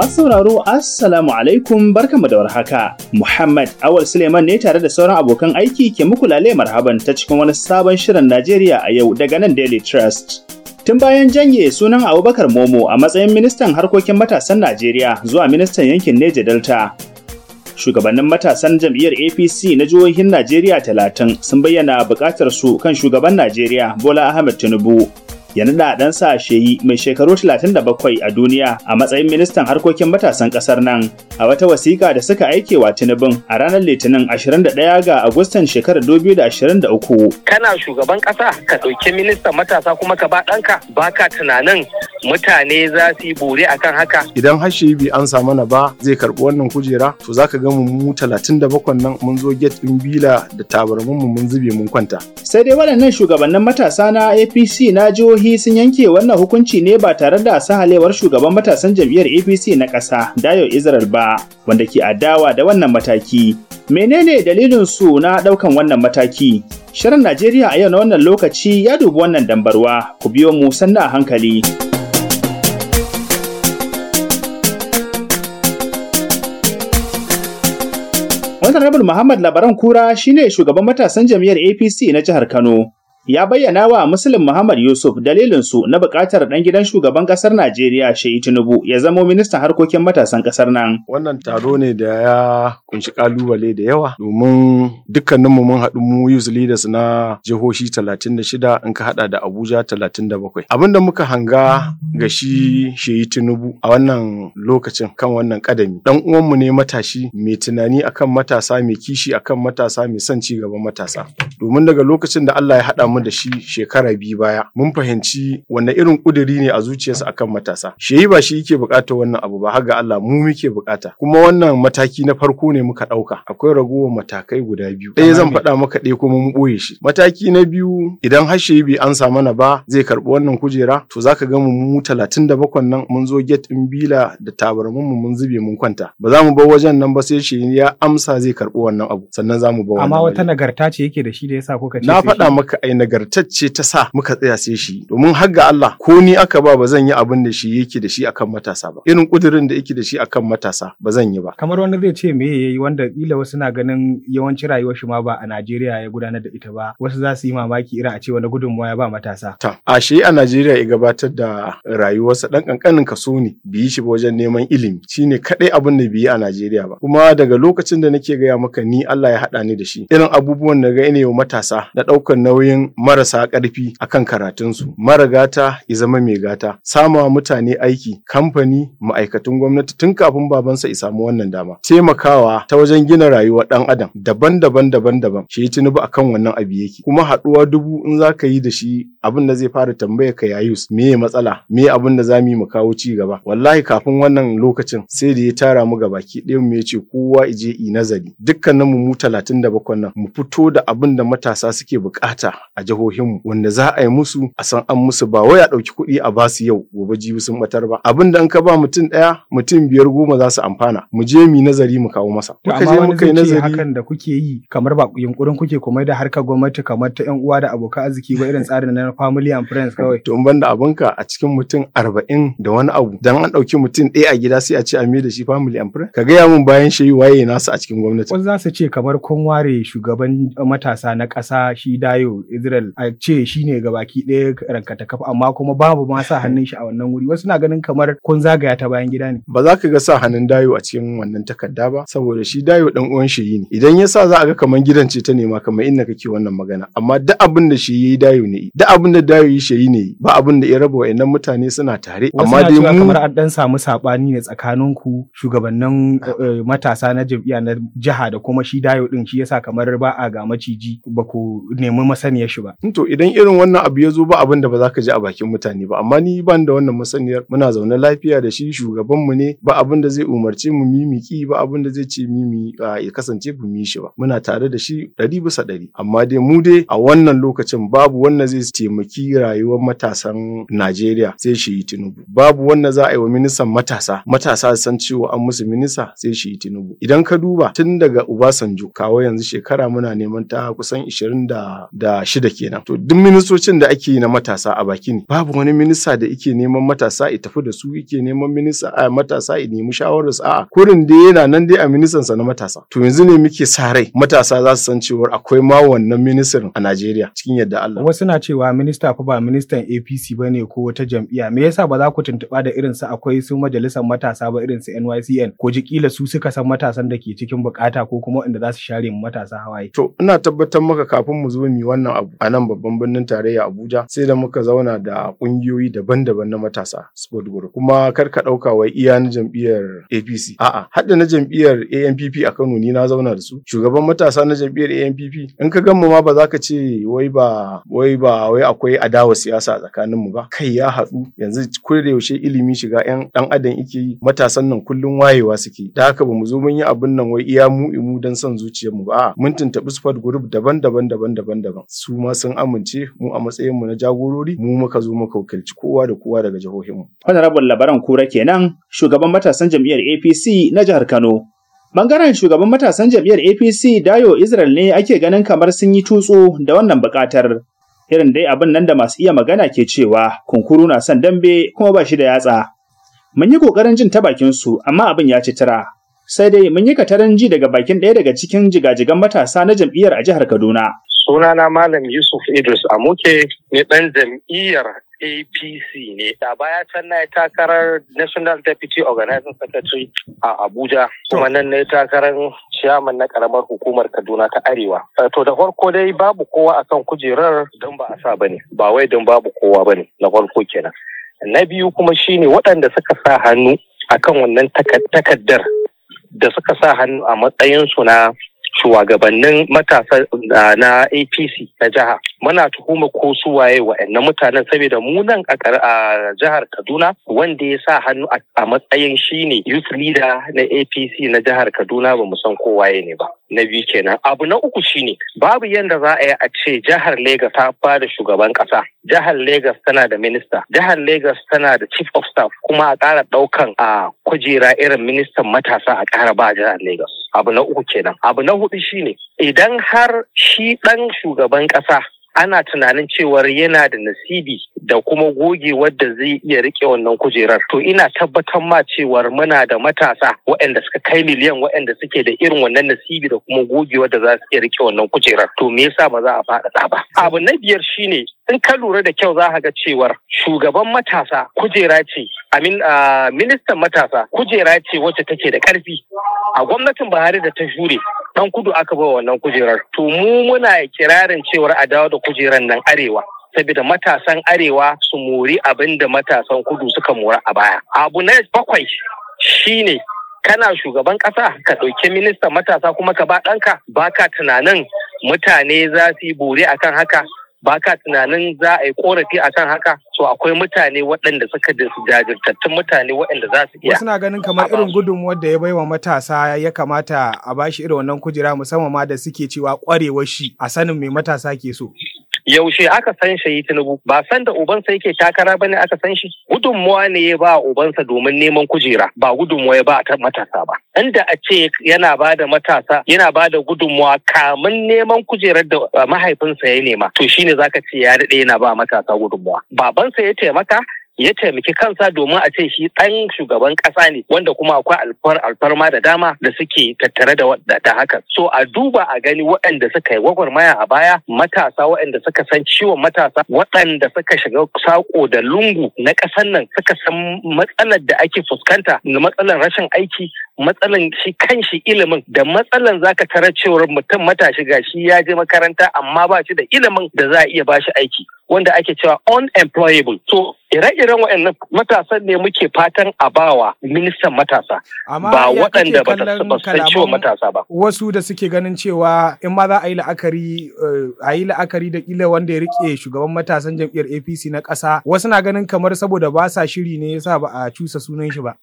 Masu sauraro Assalamu alaikum barkanmu da warhaka. Muhammad Awal Suleiman ne tare da sauran abokan aiki ke muku lale marhaban ta cikin wani sabon shirin Najeriya a yau daga nan Daily Trust. Tun bayan janye sunan Abubakar Momo a matsayin ministan harkokin matasan Najeriya zuwa ministan yankin Neja Delta. Shugabannin matasan jam'iyyar APC na jihohin Najeriya talatin sun bayyana bukatar su kan shugaban Najeriya Bola Ahmed Tinubu ya naɗa ɗansa Sheyi mai shekaru 37 a duniya a matsayin ministan harkokin matasan ƙasar nan. A wata wasiƙa da suka aike wa Tinubun a ranar Litinin 21 ga Agustan shekarar 2023. Kana shugaban ƙasa ka ɗauki ministan matasa kuma ka ba ɗanka baka tunanin mutane za su yi bore kan haka idan hashe bi an samu mana ba zai karɓi wannan kujera to zaka ga mu talatin da bakwai nan mun zo get ɗin bila da tabarmin mu mun zube mun kwanta sai dai waɗannan shugabannin matasa na APC na jihohi sun yanke wannan hukunci ne ba tare da sahalewar shugaban matasan jam'iyyar APC na ƙasa Dayo Israel ba wanda ke adawa da wannan mataki menene dalilin su na ɗaukan wannan mataki Shirin Najeriya a yau na wannan lokaci ya dubi wannan dambarwa, ku biyo mu sannan a hankali. Honorable Muhammad Labaran Kura shine shugaban matasan jam'iyyar APC na jihar Kano. ya bayyana wa Muslim Muhammad Yusuf dalilinsu na buƙatar ɗan gidan shugaban ƙasar Najeriya Shehi Tinubu ya zamo ministan harkokin matasan ƙasar nan. Wannan taro ne da ya kunshi ƙalubale da yawa domin dukkaninmu mun haɗu mu youth leaders na jihohi 36 in ka haɗa da Abuja 37. Abin da muka hanga ga shi Shehi Tinubu a wannan lokacin kan wannan ƙadami. Ɗan uwanmu ne matashi mai tunani akan matasa mai kishi akan matasa mai son ci gaban matasa. Domin daga lokacin da Allah ya haɗa mu mu da shi shekara biyu baya mun fahimci wanne irin kuduri ne a zuciyarsa akan matasa shi ba shi yake bukata wannan abu ba har ga Allah mu muke bukata kuma wannan mataki na farko ne muka dauka akwai ragowar matakai guda biyu ɗaya zan faɗa maka ɗaya kuma mun boye shi mataki na biyu idan har shi bai ansa mana ba zai karɓi wannan kujera to zaka ga mu mu 37 nan mun zo get in bila da tabarmin mu mun zube mun kwanta ba za mu bar wajen nan ba sai shi ya amsa zai karɓi wannan abu sannan za mu bar amma wata nagarta ce yake da shi da yasa kuka ce na faɗa maka ai nagartacce ta sa muka tsaya sai shi domin har ga Allah ko ni aka ba ba zan yi abin da shi yake da shi akan matasa ba irin kudirin da yake da shi akan matasa ba zan yi ba kamar wani zai ce me yayi wanda kila wasu na ganin yawancin rayuwar shi ma ba a Najeriya ya gudanar da ita ba wasu za su yi mamaki irin a ce wani gudunmuwa ya ba matasa ta a shi a Najeriya ya gabatar da rayuwarsa dan kankanin kaso ne bi shi wajen neman ilimi shine kadai abin da bi a Najeriya ba kuma daga lokacin da nake gaya maka ni Allah ya hada ni da shi irin abubuwan da ga ne matasa da ɗaukar nauyin marasa ƙarfi akan karatunsu mara gata ya zama mai gata samawa mutane aiki kamfani ma'aikatan gwamnati tun kafin babansa ya samu wannan dama taimakawa ta wajen gina rayuwar ɗan adam daban-daban daban-daban shi tunubu akan wannan abu yake kuma haɗuwa dubu in za ka yi da shi abin da zai fara tambaya ka yayus me ya matsala me abin da za mu yi mu kawo ci gaba wallahi kafin wannan lokacin sai da ya tara mu baki. ɗaya mu ya ce kowa ije i nazari dukkanin mu mu talatin da bakwai nan mu fito da abin da matasa suke bukata a jihohinmu wanda za a yi musu a san an musu ba waya a ɗauki kuɗi a ba su yau gobe jibi sun batar ba abin da an ka ba mutum ɗaya mutum biyar goma za su amfana mu je mu nazari mu kawo masa. To amma wani zai nazari hakan da kuke yi kamar ba yunkurin kuke kuma da harkar gwamnati kamar ta 'yan uwa da abokan arziki ba irin tsarin na family and friends kawai. To in banda ka a cikin mutum arba'in da wani abu dan an ɗauki mutum ɗaya a gida sai a ce a da shi family and friends ka gaya min bayan shi waye nasu a cikin gwamnati. wani za su ce kamar kun ware shugaban matasa na ƙasa shi dayo Israel a ce ga baki ɗaya rankata kafa amma kuma babu ma sa hannun shi a wannan wuri wasu na ganin kamar kun zagaya ta bayan gida ne ba za ka ga sa hannun dayo a cikin wannan takarda ba saboda shi dayo dan uwan shi yi ne idan ya sa za a ga kamar gidan ce ta nema kamar inda kake wannan magana amma duk abin da shi yayi dayo ne duk abin da dayo yi shi ne ba abin da ya raba wa mutane suna tare amma dai mu kamar an dan samu saɓani ne tsakanin ku shugabannin eh, matasa na jam'iyya na jiha da kuma shi dayo din shi yasa kamar ba a ga maciji ba ku nemi masaniyar shi shi ba. To idan irin wannan abu ya zo ba abin da ba za ka ji a bakin mutane ba amma ni ban da wannan masaniyar muna zaune lafiya da shi shugaban mu ne ba abin da zai umarce mu mimiki ba abin da zai ce mimi ya kasance bu mi shi ba muna tare da shi ɗari bisa ɗari amma dai mu dai a wannan lokacin babu wanda zai taimaki rayuwar matasan Najeriya sai shi yi Tinubu babu wannan za a yi wa ministan matasa matasa san cewa an musu minista sai shi yi Tinubu idan ka duba tun daga Obasanjo kawo yanzu shekara muna neman ta kusan 26 da shida kenan to duk ministocin da ake yi na matasa a baki ne babu wani minista da yake neman matasa ya tafi da su yake neman minista a matasa ya nemi shawarar su a'a kurin da yana nan dai a ministan sa na matasa to yanzu ne muke sa rai matasa za su san cewa akwai ma wannan ministan a Najeriya cikin yadda Allah wasu na cewa minista fa ba ministan APC bane ko wata jam'iyya me yasa ba za ku tuntuba da irin su akwai su majalisar matasa ba irin su NYCN ko ji jikila su suka san matasan da ke cikin bukata ko kuma inda za su share matasa hawaye to ina tabbatar maka kafin mu zo mu wannan abu a nan babban birnin tarayya Abuja sai da muka zauna da kungiyoyi daban-daban na matasa sport group kuma kar ka dauka wai iya na jam'iyyar APC a'a hadda na jam'iyyar ANPP a Kano ni na zauna da su shugaban matasa na jam'iyyar ANPP in ka gan mu ma ba za ka ce wai ba wai ba wai akwai adawa siyasa tsakanin mu ba kai ya hatsu yanzu da yaushe ilimi shiga yan dan adam yake yi matasan nan kullun wayewa suke da haka ba mu zo mun yi abin nan wai iya mu imu dan son zuciyar mu ba a'a mun tuntubi sport group daban-daban daban-daban daban su ma kuma sun amince mu a matsayin mu na jagorori mu muka zo muka wakilci kowa da kowa daga jihohin mu. Honorable Labaran Kura kenan shugaban matasan jam'iyyar APC na jihar Kano. Bangaren shugaban matasan jam'iyyar APC Dayo Israel ne ake ganin kamar sun yi tutsu da wannan buƙatar. Irin dai abin nan da masu iya magana ke cewa kunkuru na son dambe kuma ba shi da yatsa. Mun yi ƙoƙarin jin ta bakin su amma abin ya ci tira. Sai dai mun yi katarin ji daga bakin ɗaya daga cikin jigajigan matasa na jam'iyyar a jihar Kaduna. sunana malam yusuf idris amuke ne ɗan jam'iyyar apc ne a baya can na takarar national deputy organizing secretary a abuja kuma nan ne takarar shaman na karamar hukumar kaduna ta arewa eh, to da farko dai babu kowa akan kujerar don ba a sa bane ba wai don babu kowa bane na farko kenan na biyu kuma shine waɗanda suka sa hannu akan wannan takaddar da suka sa hannu a matsayinsu na shugabannin matasa ah, na apc na jiha muna tuhuma ko su waye wa'annan mutanen saboda mu nan a jihar Kaduna wanda ya sa hannu a matsayin shine youth leader na APC na jihar Kaduna ba san ko waye ne ba na biyu kenan abu na uku shine babu yadda za a yi a ce jihar Legas ta fara shugaban kasa jihar Legas tana da minista jihar Legas tana da chief of staff kuma a ƙara ɗaukan a kujera irin ministan matasa a ƙara ba jihar Legas. abu na uku kenan abu na hudu shine idan har shi ɗan shugaban ƙasa ana tunanin cewar yana da nasibi da kuma goge wadda zai iya rike wannan kujerar to ina tabbatar ma cewar muna da matasa waɗanda suka kai miliyan waɗanda suke da irin wannan nasibi da kuma goge wadda za su iya rike wannan kujerar to me yasa ba za a faɗaɗa ba abu na biyar shine in ka lura da kyau za ka ga cewar shugaban matasa kujera ce amin ah, ministan matasa kujera ce wacce take da karfi a gwamnatin Buhari da ta shure, dan kudu aka ba wannan kujerar to mu muna kirarin cewar a dawo da kujerar nan arewa saboda matasan arewa su mori abin da matasan kudu suka mora a baya abu na bakwai shine kana shugaban ƙasa ka ɗauki ministan matasa kuma ka ba ɗanka baka tunanin mutane za su yi bore akan haka ba ka tunanin za a yi korafi a kan haka To akwai mutane waɗanda suka da su jajirtattun mutane waɗanda za su iya wasu na ganin kamar irin gudunmuwar da ya bai wa matasa ya kamata a bashi irin wannan kujera musamman ma da suke cewa kwarewar shi a sanin mai matasa ke so yaushe aka san shi Tinubu ba san da ubansa yake takara ba ne aka san shi gudunmuwa ne ya ba ubansa domin neman kujera ba gudunmuwa ya ba matasa ba inda a ce yana ba da matasa yana ba da gudunmuwa kamun neman kujerar da uh, mahaifinsa ya nema to shine zaka ce ya daɗe yana ba matasa gudunmuwa babansa ya taimaka ya taimaki kansa domin a ce shi ɗan shugaban ƙasa ne wanda kuma akwai alfar alfarma da dama da suke tattare da, da haka. So a duba a gani waɗanda suka yi gwagwarmaya a baya matasa waɗanda suka san ciwon matasa waɗanda suka shiga sako da lungu na ƙasar nan suka san matsalar da ake fuskanta na matsalar rashin aiki matsalan shi kan shi ilimin da matsalan zaka tarar cewar mutum matashi gashi ya je makaranta amma ba shi da ilimin da za a iya ba shi aiki wanda ake cewa unemployable. So ire-iren waɗannan matasan ne muke fatan a bawa ministan matasa ba waɗanda ba san cewa matasa ba. Wasu da suke ganin cewa in ma za a yi la'akari eh, a yi la'akari da kila wanda ya rike shugaban matasan jam'iyyar APC na ƙasa wasu na ganin kamar saboda ba sa shiri ne yasa ba a cusa sunan shi ba.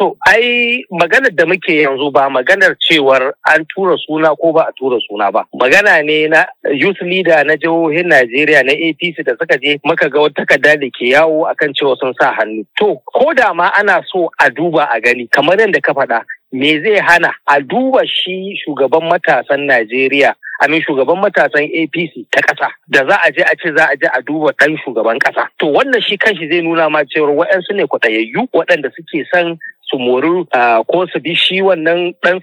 To, ai maganar da muke yanzu ba maganar cewar an tura suna ko ba a tura suna ba. Magana ne na youth leader na jihohin Najeriya na APC da suka je maka ga wata takarda da ke yawo akan cewa sun sa hannu. To, ko da ma ana so a duba a gani kamar yadda ka faɗa me zai hana a duba shi shugaban matasan Najeriya amin shugaban matasan APC ta ƙasa da za a je a ce za a je a duba ɗan shugaban ƙasa. To wannan shi kanshi zai nuna ma cewar waɗansu ne kwaɗayayyu waɗanda suke son su mori ko su bi shi wannan dan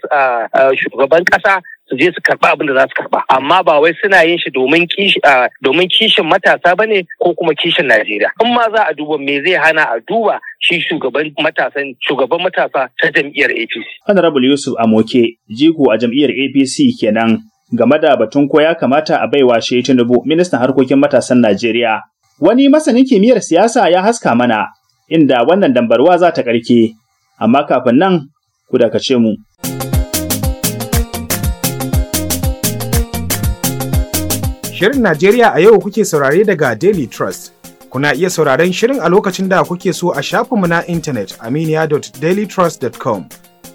shugaban ƙasa su je su karba abin da za su karba amma ba wai suna yin shi domin kishi domin kishin matasa bane ko kuma kishin Najeriya in ma za a duba me zai hana a duba shi shugaban matasan shugaban matasa ta jam'iyyar APC Honorable Yusuf Amoke jigo a jam'iyyar APC kenan game da batun ko ya kamata a baiwa shi Tinubu ministan harkokin matasan Najeriya wani masanin kimiyyar siyasa ya haska mana inda wannan dambarwa za ta karke amma kafin nan ku dakace mu. Shirin Najeriya a yau kuke saurare daga Daily Trust. Kuna iya sauraren shirin a lokacin da kuke so a shafinmu na intanet aminiya.dailytrust.com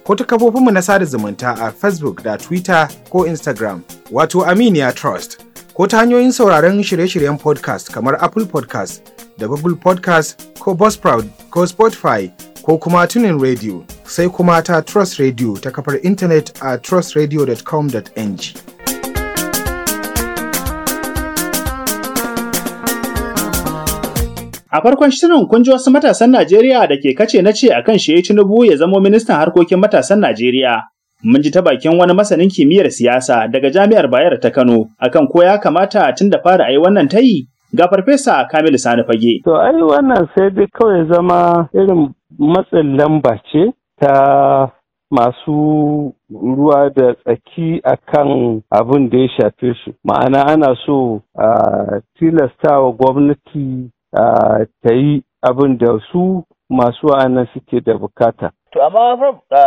ko ta kafofinmu na sada zumunta a Facebook da Twitter ko Instagram, wato Aminiya Trust, ko ta hanyoyin sauraron shirye-shiryen podcast kamar Apple podcast da Google podcast ko Buzzsprout ko Spotify ko kuma tunin radio sai kuma ta Trust Radio ta kafar intanet a trustradio.com.ng. A farkon shirin kun ji wasu matasan Najeriya da ke kace na ce akan shi Tinubu ya zamo ministan harkokin matasan Najeriya. Mun ji ta bakin wani masanin kimiyyar siyasa daga Jami'ar bayar ta Kano akan ko ya kamata tun da fara a yi wannan ta yi? Ga farfesa Kamilu Sani Fage. To ai wannan sai dai kawai zama irin matsin lamba ce ta masu ruwa da tsaki akan abin da ya shafe su ma'ana ana so a wa gwamnati ta yi abin da su masu wa'annan suke da bukata To amma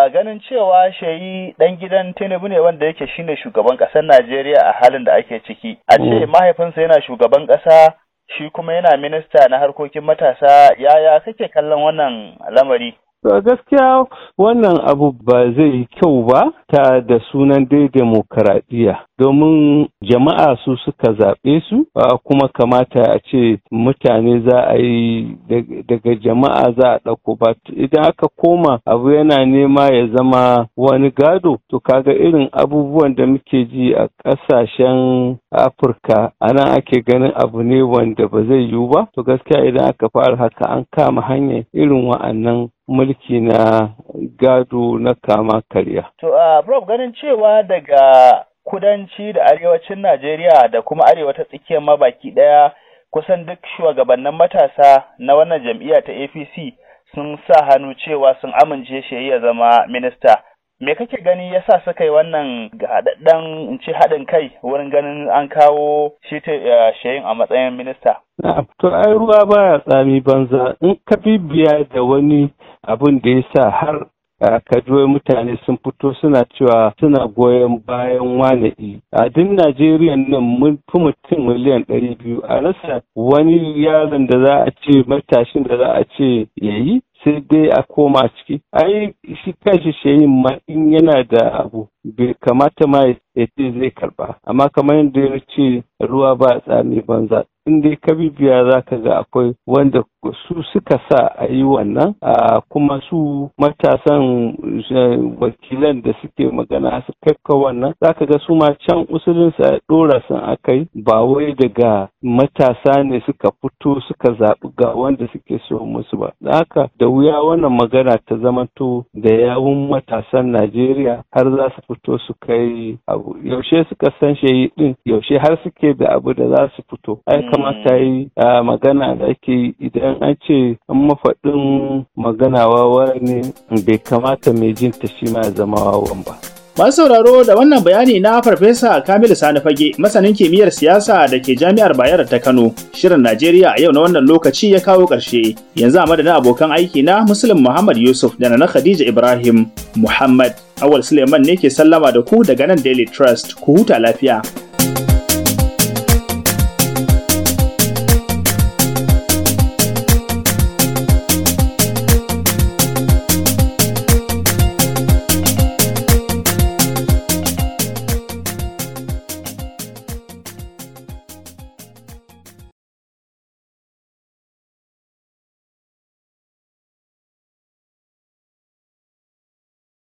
ganin cewa shayi ɗan gidan Tinubu ne wanda yake shine shugaban ƙasar Najeriya a halin da ake ciki. A ce mm. mahaifinsa yana shugaban ƙasa shi kuma yana minista na harkokin matasa yaya kake kallon wannan lamari? gaskiya wannan abu ba zai yi kyau ba ta da sunan dai demokaradiyya domin jama'a su suka zaɓe su kuma kamata a ce mutane za a yi daga jama'a za a ɗauko ba idan aka koma abu yana nema ya zama wani gado to kaga irin abubuwan da muke ji a ƙasashen afirka a nan ake ganin abu ne wanda ba zai yiwu ba to gaskiya idan aka fara haka an kama hanyar irin wa'annan mulki na gado na kama karya. To, a Prof ganin cewa daga kudanci da arewacin Najeriya da kuma arewa ta tsakiyar mabaki ɗaya kusan duk shugabannin matasa na wannan jam'iyya ta APC sun sa hannu cewa sun amince shi ya zama minista. Me kake gani ya sa suka yi wannan haɗaɗɗen in ce haɗin kai wurin ganin an kawo shi ta shayin a matsayin minista? To ai ruwa baya tsami banza in ka bibiya da wani abin da ya sa har kajuwar mutane sun fito suna cewa suna goyon bayan wane a duk najeriya nan mun fi mutum miliyan ɗari biyu a rasa wani yaron da za a ce matashin da za a ce ya yi, sai dai a koma ciki ai shi kanshi shayin ma in yana da abu bai kamata ma ya ce zai karba amma kamar yadda ya ce ruwa ba tsami banza in dai ka bibiya za ka ga akwai wanda su suka sa a yi wannan kuma su matasan eh, wakilan da suke magana su kakka wannan za ka ga su ma can usulin sa dora sun aka yi ba wai daga matasa ne suka fito suka zaɓi ga wanda suke so musu ba Da haka da wuya wannan magana ta zama zamanto da yawun matasan najeriya har za su fito su kai abu yaushe suka san shayi din yaushe har suke da abu da za su fito kamata yi magana da ake idan an ce an mafaɗin magana wawa ne bai kamata mai jin ta shi ma zama wawan ba. Masu sauraro da wannan bayani na Farfesa Kamilu Sani Fage, masanin kimiyyar siyasa da ke Jami'ar Bayero ta Kano, shirin Najeriya a yau na wannan lokaci ya kawo ƙarshe. Yanzu a madadin abokan aiki na Musulun Muhammad Yusuf da na Khadija Ibrahim Muhammad. Awal Suleiman ne ke sallama da ku daga nan Daily Trust. Ku huta lafiya.